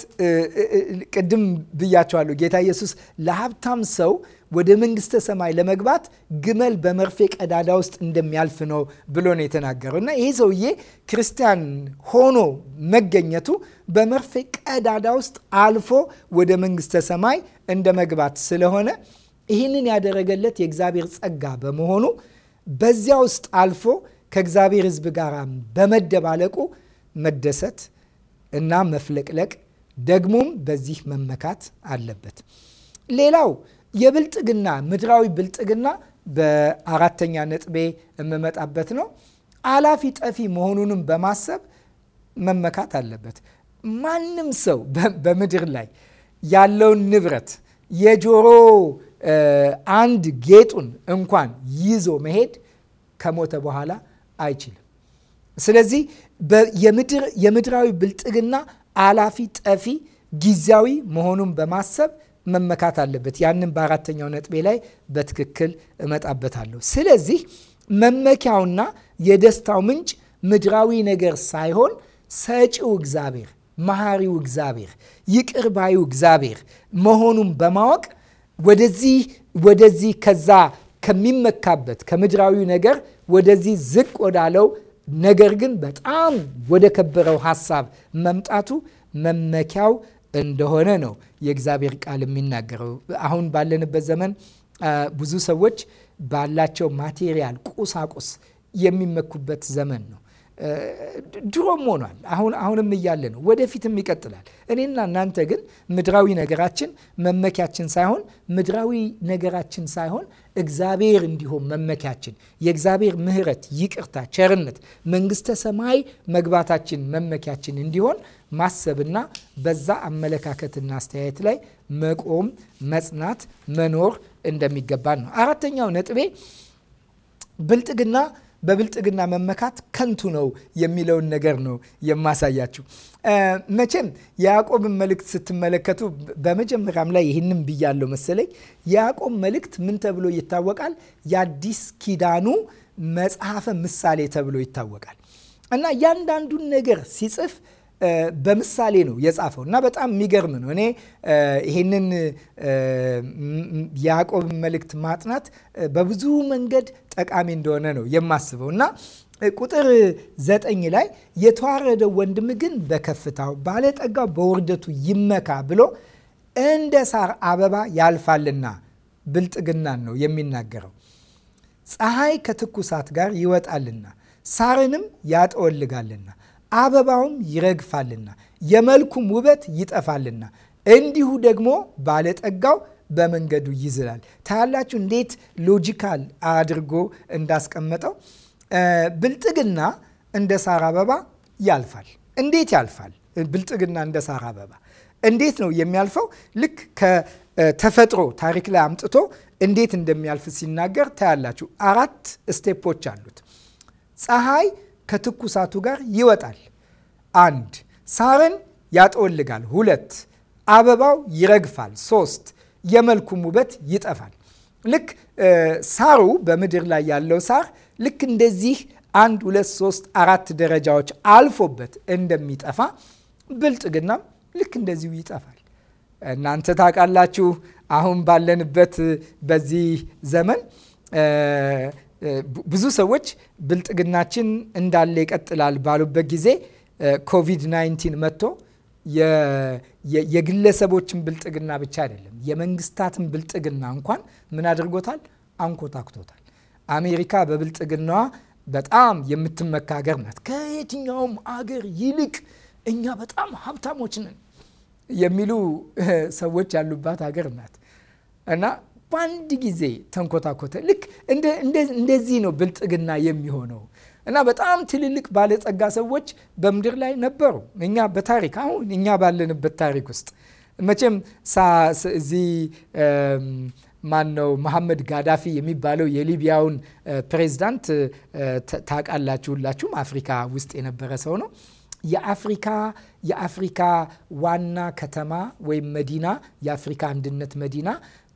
ቅድም ብያቸዋለሁ። ጌታ ኢየሱስ ለሀብታም ሰው ወደ መንግስተ ሰማይ ለመግባት ግመል በመርፌ ቀዳዳ ውስጥ እንደሚያልፍ ነው ብሎ ነው የተናገረው። እና ይሄ ሰውዬ ክርስቲያን ሆኖ መገኘቱ በመርፌ ቀዳዳ ውስጥ አልፎ ወደ መንግስተ ሰማይ እንደ መግባት ስለሆነ ይህንን ያደረገለት የእግዚአብሔር ጸጋ በመሆኑ በዚያ ውስጥ አልፎ ከእግዚአብሔር ሕዝብ ጋር በመደባለቁ መደሰት እና መፍለቅለቅ ደግሞም በዚህ መመካት አለበት። ሌላው የብልጥግና ምድራዊ ብልጥግና በአራተኛ ነጥቤ የምመጣበት ነው። አላፊ ጠፊ መሆኑንም በማሰብ መመካት አለበት። ማንም ሰው በምድር ላይ ያለውን ንብረት የጆሮ አንድ ጌጡን እንኳን ይዞ መሄድ ከሞተ በኋላ አይችልም። ስለዚህ የምድራዊ ብልጥግና አላፊ ጠፊ ጊዜያዊ መሆኑን በማሰብ መመካት አለበት። ያንን በአራተኛው ነጥቤ ላይ በትክክል እመጣበታለሁ። ስለዚህ መመኪያውና የደስታው ምንጭ ምድራዊ ነገር ሳይሆን ሰጪው እግዚአብሔር፣ መሐሪው እግዚአብሔር፣ ይቅርባዩ እግዚአብሔር መሆኑን በማወቅ ወደዚህ ወደዚህ ከዛ ከሚመካበት ከምድራዊ ነገር ወደዚህ ዝቅ ወዳለው ነገር ግን በጣም ወደ ከበረው ሀሳብ መምጣቱ መመኪያው እንደሆነ ነው የእግዚአብሔር ቃል የሚናገረው። አሁን ባለንበት ዘመን ብዙ ሰዎች ባላቸው ማቴሪያል ቁሳቁስ የሚመኩበት ዘመን ነው። ድሮም ሆኗል። አሁን አሁንም እያለ ነው፣ ወደፊትም ይቀጥላል። እኔና እናንተ ግን ምድራዊ ነገራችን መመኪያችን ሳይሆን ምድራዊ ነገራችን ሳይሆን እግዚአብሔር እንዲሆን መመኪያችን የእግዚአብሔር ምሕረት፣ ይቅርታ፣ ቸርነት፣ መንግስተ ሰማይ መግባታችን መመኪያችን እንዲሆን ማሰብና በዛ አመለካከትና አስተያየት ላይ መቆም፣ መጽናት፣ መኖር እንደሚገባን ነው። አራተኛው ነጥቤ ብልጥግና በብልጥግና መመካት ከንቱ ነው የሚለውን ነገር ነው የማሳያችሁ። መቼም የያዕቆብን መልእክት ስትመለከቱ በመጀመሪያም ላይ ይህንም ብያለው መሰለኝ። የያዕቆብ መልእክት ምን ተብሎ ይታወቃል? የአዲስ ኪዳኑ መጽሐፈ ምሳሌ ተብሎ ይታወቃል እና እያንዳንዱን ነገር ሲጽፍ በምሳሌ ነው የጻፈው እና በጣም የሚገርም ነው። እኔ ይህንን የያዕቆብ መልእክት ማጥናት በብዙ መንገድ ጠቃሚ እንደሆነ ነው የማስበው እና ቁጥር ዘጠኝ ላይ የተዋረደው ወንድም ግን በከፍታው ባለጠጋው በውርደቱ ይመካ ብሎ እንደ ሳር አበባ ያልፋልና ብልጥግናን ነው የሚናገረው። ፀሐይ ከትኩሳት ጋር ይወጣልና ሳርንም ያጠወልጋልና አበባውም ይረግፋልና የመልኩም ውበት ይጠፋልና እንዲሁ ደግሞ ባለጠጋው በመንገዱ ይዝላል። ታያላችሁ እንዴት ሎጂካል አድርጎ እንዳስቀመጠው። ብልጥግና እንደ ሳር አበባ ያልፋል። እንዴት ያልፋል? ብልጥግና እንደ ሳር አበባ እንዴት ነው የሚያልፈው? ልክ ከተፈጥሮ ታሪክ ላይ አምጥቶ እንዴት እንደሚያልፍ ሲናገር ታያላችሁ። አራት ስቴፖች አሉት። ፀሐይ ከትኩሳቱ ጋር ይወጣል። አንድ ሳርን ያጠወልጋል። ሁለት አበባው ይረግፋል። ሶስት የመልኩም ውበት ይጠፋል። ልክ ሳሩ በምድር ላይ ያለው ሳር ልክ እንደዚህ አንድ ሁለት ሶስት አራት ደረጃዎች አልፎበት እንደሚጠፋ ብልጥግናም ልክ እንደዚሁ ይጠፋል። እናንተ ታውቃላችሁ አሁን ባለንበት በዚህ ዘመን ብዙ ሰዎች ብልጥግናችን እንዳለ ይቀጥላል ባሉበት ጊዜ ኮቪድ 19 መጥቶ የግለሰቦችን ብልጥግና ብቻ አይደለም የመንግስታትን ብልጥግና እንኳን ምን አድርጎታል? አንኮታኩቶታል። አሜሪካ በብልጥግናዋ በጣም የምትመካ ሀገር ናት። ከየትኛውም አገር ይልቅ እኛ በጣም ሀብታሞች ነን የሚሉ ሰዎች ያሉባት ሀገር ናት እና በአንድ ጊዜ ተንኮታኮተ። ልክ እንደዚህ ነው ብልጥግና የሚሆነው እና በጣም ትልልቅ ባለጸጋ ሰዎች በምድር ላይ ነበሩ። እኛ በታሪክ አሁን እኛ ባለንበት ታሪክ ውስጥ መቼም እዚህ ማን ነው መሐመድ ጋዳፊ የሚባለው የሊቢያውን ፕሬዚዳንት ታውቃላችሁ ሁላችሁም። አፍሪካ ውስጥ የነበረ ሰው ነው። የአፍሪካ የአፍሪካ ዋና ከተማ ወይም መዲና የአፍሪካ አንድነት መዲና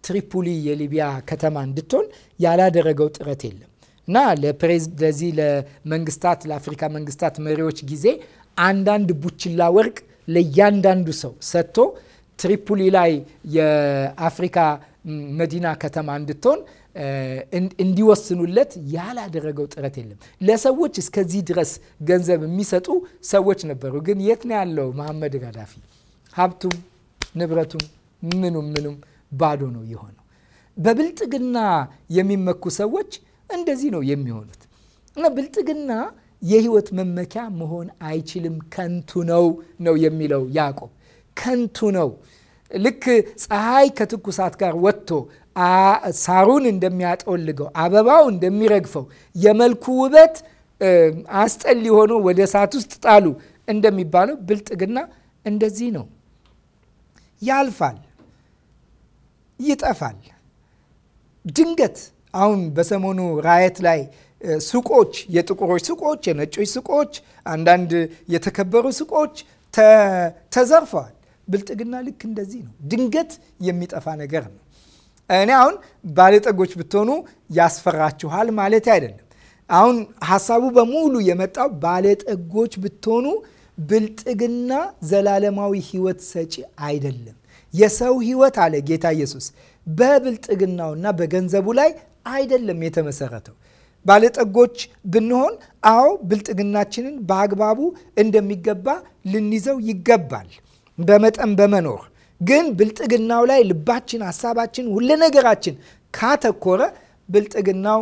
ትሪፖሊ የሊቢያ ከተማ እንድትሆን ያላደረገው ጥረት የለም እና ለዚህ ለመንግስታት ለአፍሪካ መንግስታት መሪዎች ጊዜ አንዳንድ ቡችላ ወርቅ ለእያንዳንዱ ሰው ሰጥቶ ትሪፖሊ ላይ የአፍሪካ መዲና ከተማ እንድትሆን እንዲወስኑለት ያላደረገው ጥረት የለም። ለሰዎች እስከዚህ ድረስ ገንዘብ የሚሰጡ ሰዎች ነበሩ። ግን የት ነው ያለው መሐመድ ጋዳፊ? ሀብቱም ንብረቱም ምኑም ምኑም ባዶ ነው የሆነው። በብልጥግና የሚመኩ ሰዎች እንደዚህ ነው የሚሆኑት እና ብልጥግና የህይወት መመኪያ መሆን አይችልም። ከንቱ ነው ነው የሚለው ያዕቆብ። ከንቱ ነው። ልክ ፀሐይ ከትኩሳት ጋር ወጥቶ ሳሩን እንደሚያጠወልገው አበባው እንደሚረግፈው የመልኩ ውበት አስጠል ሆኖ ወደ እሳት ውስጥ ጣሉ እንደሚባለው ብልጥግና እንደዚህ ነው፣ ያልፋል። ይጠፋል። ድንገት አሁን በሰሞኑ ራየት ላይ ሱቆች፣ የጥቁሮች ሱቆች፣ የነጮች ሱቆች፣ አንዳንድ የተከበሩ ሱቆች ተዘርፈዋል። ብልጥግና ልክ እንደዚህ ነው። ድንገት የሚጠፋ ነገር ነው። እኔ አሁን ባለጠጎች ብትሆኑ ያስፈራችኋል ማለት አይደለም። አሁን ሀሳቡ በሙሉ የመጣው ባለጠጎች ብትሆኑ ብልጥግና ዘላለማዊ ሕይወት ሰጪ አይደለም። የሰው ህይወት አለ ጌታ ኢየሱስ በብልጥግናውና በገንዘቡ ላይ አይደለም የተመሰረተው። ባለጠጎች ብንሆን አዎ ብልጥግናችንን በአግባቡ እንደሚገባ ልንይዘው ይገባል፣ በመጠን በመኖር ግን ብልጥግናው ላይ ልባችን፣ ሀሳባችን፣ ሁለ ነገራችን ካተኮረ ብልጥግናው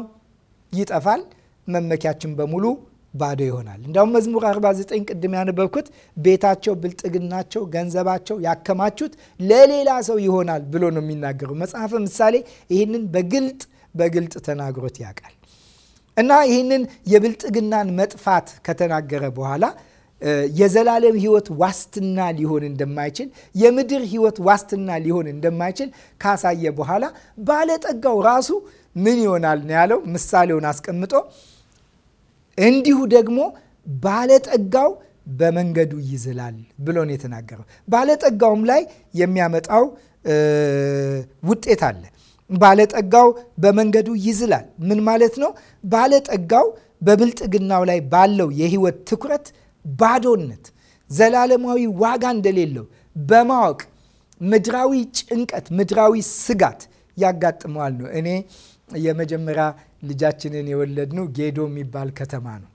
ይጠፋል። መመኪያችን በሙሉ ባዶ ይሆናል። እንዳውም መዝሙር 49 ቅድም ያነበብኩት ቤታቸው፣ ብልጥግናቸው፣ ገንዘባቸው ያከማቹት ለሌላ ሰው ይሆናል ብሎ ነው የሚናገረው መጽሐፈ ምሳሌ ይህንን በግልጥ በግልጥ ተናግሮት ያውቃል። እና ይህንን የብልጥግናን መጥፋት ከተናገረ በኋላ የዘላለም ሕይወት ዋስትና ሊሆን እንደማይችል የምድር ሕይወት ዋስትና ሊሆን እንደማይችል ካሳየ በኋላ ባለጠጋው ራሱ ምን ይሆናል ነው ያለው ምሳሌውን አስቀምጦ እንዲሁ ደግሞ ባለጠጋው በመንገዱ ይዝላል ብሎ ነው የተናገረው። ባለጠጋውም ላይ የሚያመጣው ውጤት አለ። ባለጠጋው በመንገዱ ይዝላል ምን ማለት ነው? ባለጠጋው በብልጥግናው ላይ ባለው የህይወት ትኩረት ባዶነት፣ ዘላለማዊ ዋጋ እንደሌለው በማወቅ ምድራዊ ጭንቀት፣ ምድራዊ ስጋት ያጋጥመዋል ነው። እኔ የመጀመሪያ ልጃችንን የወለድነው ጌዶ የሚባል ከተማ ነው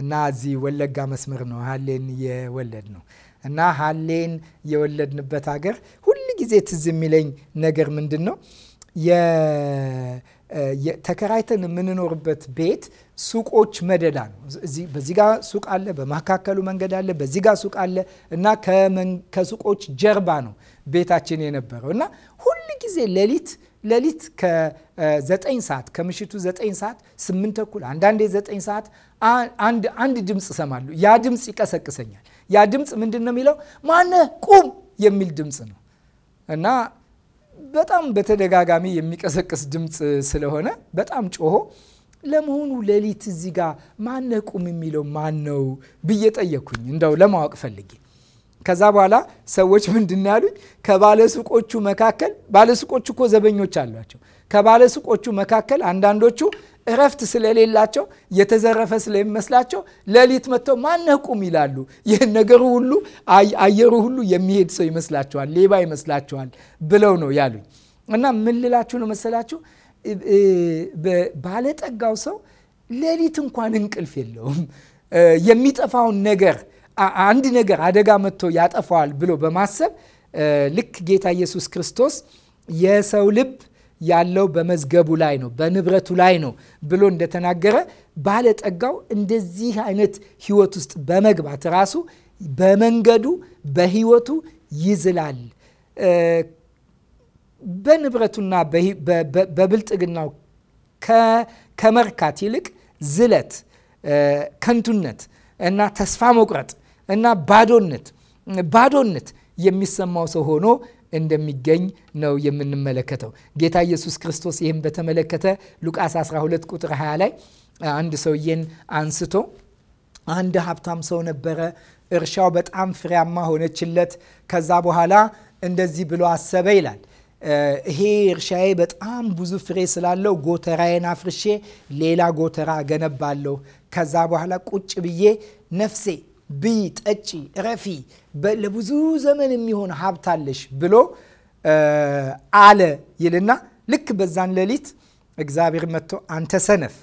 እና እዚህ ወለጋ መስመር ነው ሀሌን የወለድ ነው እና ሀሌን የወለድንበት ሀገር ሁል ጊዜ ትዝ የሚለኝ ነገር ምንድን ነው ተከራይተን የምንኖርበት ቤት ሱቆች መደዳ ነው። በዚህ ጋ ሱቅ አለ፣ በመካከሉ መንገድ አለ፣ በዚህ ጋ ሱቅ አለ እና ከሱቆች ጀርባ ነው ቤታችን የነበረው እና ሁል ጊዜ ሌሊት ሌሊት ከዘጠኝ ሰዓት ከምሽቱ ዘጠኝ ሰዓት ስምንት ተኩል አንዳንዴ ዘጠኝ ሰዓት አንድ ድምፅ እሰማለሁ። ያ ድምፅ ይቀሰቅሰኛል። ያ ድምፅ ምንድን ነው የሚለው ማነህ ቁም የሚል ድምፅ ነው እና በጣም በተደጋጋሚ የሚቀሰቅስ ድምፅ ስለሆነ በጣም ጮሆ ለመሆኑ ሌሊት እዚህ ጋር ማነህ ቁም የሚለው ማን ነው ብዬ ጠየኩኝ። እንደው ለማወቅ ፈልጌ ከዛ በኋላ ሰዎች ምንድን ያሉኝ ከባለሱቆቹ መካከል ባለሱቆቹ እኮ ዘበኞች አሏቸው። ከባለሱቆቹ መካከል አንዳንዶቹ እረፍት ስለሌላቸው የተዘረፈ ስለሚመስላቸው ሌሊት መጥተው ማነህ ቁም ይላሉ። ይህ ነገሩ ሁሉ አየሩ ሁሉ የሚሄድ ሰው ይመስላቸዋል፣ ሌባ ይመስላቸዋል ብለው ነው ያሉኝ። እና ምን ልላችሁ ነው መሰላችሁ ባለጠጋው ሰው ሌሊት እንኳን እንቅልፍ የለውም የሚጠፋውን ነገር አንድ ነገር አደጋ መጥቶ ያጠፋዋል ብሎ በማሰብ ልክ ጌታ ኢየሱስ ክርስቶስ የሰው ልብ ያለው በመዝገቡ ላይ ነው፣ በንብረቱ ላይ ነው ብሎ እንደተናገረ ባለጠጋው እንደዚህ አይነት ህይወት ውስጥ በመግባት ራሱ በመንገዱ በህይወቱ ይዝላል። በንብረቱና በብልጥግናው ከመርካት ይልቅ ዝለት፣ ከንቱነት እና ተስፋ መቁረጥ እና ባዶነት ባዶነት የሚሰማው ሰው ሆኖ እንደሚገኝ ነው የምንመለከተው። ጌታ ኢየሱስ ክርስቶስ ይህም በተመለከተ ሉቃስ 12 ቁጥር 20 ላይ አንድ ሰውዬን አንስቶ አንድ ሀብታም ሰው ነበረ። እርሻው በጣም ፍሬያማ ሆነችለት። ከዛ በኋላ እንደዚህ ብሎ አሰበ ይላል ይሄ እርሻዬ በጣም ብዙ ፍሬ ስላለው ጎተራዬን አፍርሼ ሌላ ጎተራ ገነባለሁ። ከዛ በኋላ ቁጭ ብዬ ነፍሴ ብይ፣ ጠጪ፣ እረፊ ለብዙ ዘመን የሚሆን ሀብት አለሽ ብሎ አለ ይልና ልክ በዛን ሌሊት እግዚአብሔር መጥቶ አንተ ሰነፍ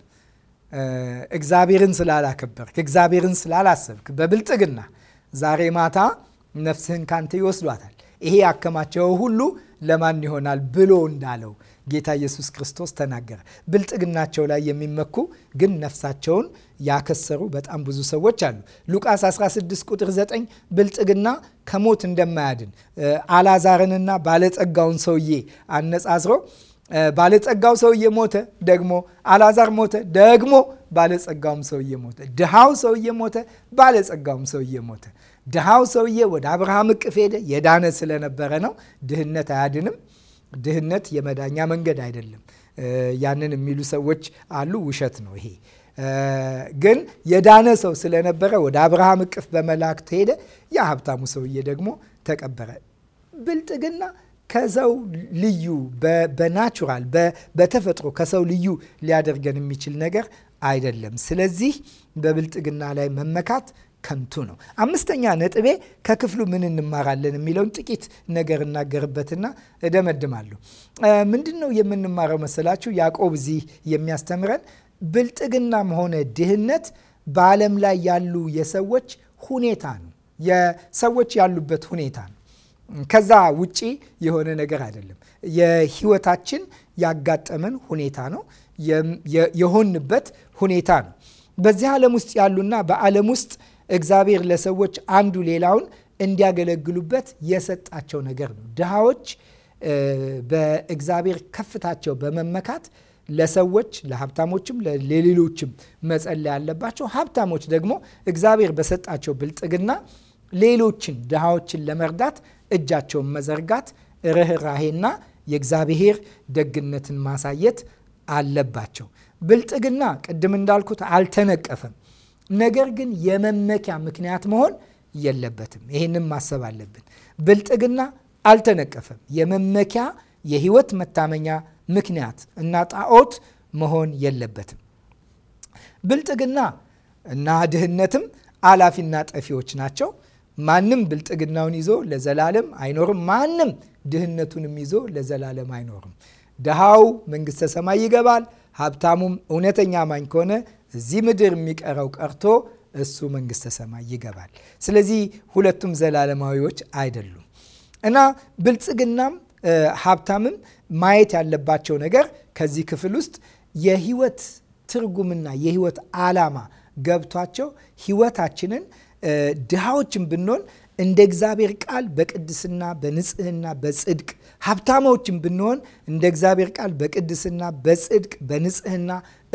እግዚአብሔርን ስላላከበርክ እግዚአብሔርን ስላላሰብክ በብልጥግና ዛሬ ማታ ነፍስህን ካንተ ይወስዷታል። ይሄ ያከማቸው ሁሉ ለማን ይሆናል ብሎ እንዳለው ጌታ ኢየሱስ ክርስቶስ ተናገረ። ብልጥግናቸው ላይ የሚመኩ ግን ነፍሳቸውን ያከሰሩ በጣም ብዙ ሰዎች አሉ። ሉቃስ 16 ቁጥር 9 ብልጥግና ከሞት እንደማያድን አላዛርንና ባለጸጋውን ሰውዬ አነጻጽሮ ባለጸጋው ሰውዬ ሞተ፣ ደግሞ አላዛር ሞተ፣ ደግሞ ባለጸጋውም ሰውዬ ሞተ። ድሃው ሰውዬ ሞተ፣ ባለጸጋውም ሰውዬ ሞተ። ድሃው ሰውዬ ወደ አብርሃም እቅፍ ሄደ። የዳነ ስለነበረ ነው። ድህነት አያድንም። ድህነት የመዳኛ መንገድ አይደለም። ያንን የሚሉ ሰዎች አሉ። ውሸት ነው ይሄ። ግን የዳነ ሰው ስለነበረ ወደ አብርሃም እቅፍ በመላእክት ሄደ። ያ ሀብታሙ ሰውዬ ደግሞ ተቀበረ። ብልጥግና ከሰው ልዩ በናቹራል በተፈጥሮ ከሰው ልዩ ሊያደርገን የሚችል ነገር አይደለም። ስለዚህ በብልጥግና ላይ መመካት ከንቱ ነው። አምስተኛ ነጥቤ ከክፍሉ ምን እንማራለን የሚለውን ጥቂት ነገር እናገርበትና እደመድማለሁ። ምንድን ነው የምንማረው መሰላችሁ? ያዕቆብ እዚህ የሚያስተምረን ብልጥግናም ሆነ ድህነት በዓለም ላይ ያሉ የሰዎች ሁኔታ ነው። የሰዎች ያሉበት ሁኔታ ነው። ከዛ ውጪ የሆነ ነገር አይደለም። የህይወታችን ያጋጠመን ሁኔታ ነው። የሆንበት ሁኔታ ነው። በዚህ ዓለም ውስጥ ያሉና በዓለም ውስጥ እግዚአብሔር ለሰዎች አንዱ ሌላውን እንዲያገለግሉበት የሰጣቸው ነገር ነው። ድሃዎች በእግዚአብሔር ከፍታቸው በመመካት ለሰዎች ለሀብታሞችም ለሌሎችም መጸለይ ያለባቸው፣ ሀብታሞች ደግሞ እግዚአብሔር በሰጣቸው ብልጥግና ሌሎችን ድሃዎችን ለመርዳት እጃቸውን መዘርጋት ርኅራሄና የእግዚአብሔር ደግነትን ማሳየት አለባቸው። ብልጥግና ቅድም እንዳልኩት አልተነቀፈም። ነገር ግን የመመኪያ ምክንያት መሆን የለበትም። ይህንም ማሰብ አለብን። ብልጥግና አልተነቀፈም። የመመኪያ የህይወት መታመኛ ምክንያት እና ጣዖት መሆን የለበትም። ብልጥግና እና ድህነትም አላፊና ጠፊዎች ናቸው። ማንም ብልጥግናውን ይዞ ለዘላለም አይኖርም። ማንም ድህነቱንም ይዞ ለዘላለም አይኖርም። ድሃው መንግስተ ሰማይ ይገባል። ሀብታሙም እውነተኛ አማኝ ከሆነ እዚህ ምድር የሚቀረው ቀርቶ እሱ መንግስተ ሰማይ ይገባል። ስለዚህ ሁለቱም ዘላለማዊዎች አይደሉም እና ብልጽግናም ሀብታምም ማየት ያለባቸው ነገር ከዚህ ክፍል ውስጥ የህይወት ትርጉምና የህይወት አላማ ገብቷቸው ህይወታችንን ድሃዎችን ብንሆን እንደ እግዚአብሔር ቃል በቅድስና በንጽህና በጽድቅ ሀብታሞችን ብንሆን እንደ እግዚአብሔር ቃል በቅድስና በጽድቅ በንጽህና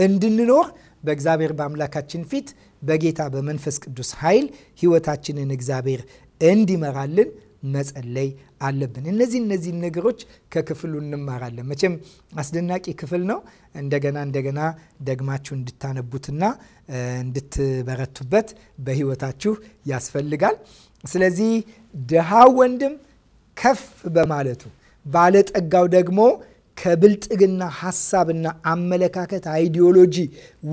እንድንኖር በእግዚአብሔር በአምላካችን ፊት በጌታ በመንፈስ ቅዱስ ኃይል ህይወታችንን እግዚአብሔር እንዲመራልን መጸለይ አለብን። እነዚህ እነዚህ ነገሮች ከክፍሉ እንማራለን። መቼም አስደናቂ ክፍል ነው። እንደገና እንደገና ደግማችሁ እንድታነቡትና እንድትበረቱበት በህይወታችሁ ያስፈልጋል። ስለዚህ ድሃው ወንድም ከፍ በማለቱ ባለጠጋው ደግሞ ከብልጥግና ሀሳብና አመለካከት አይዲዮሎጂ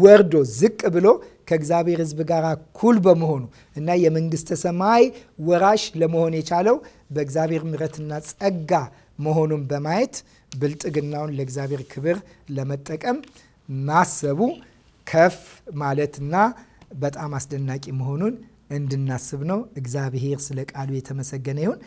ወርዶ ዝቅ ብሎ ከእግዚአብሔር ሕዝብ ጋር እኩል በመሆኑ እና የመንግስተ ሰማይ ወራሽ ለመሆን የቻለው በእግዚአብሔር ምረትና ጸጋ መሆኑን በማየት ብልጥግናውን ለእግዚአብሔር ክብር ለመጠቀም ማሰቡ ከፍ ማለትና በጣም አስደናቂ መሆኑን እንድናስብ ነው። እግዚአብሔር ስለ ቃሉ የተመሰገነ ይሁን።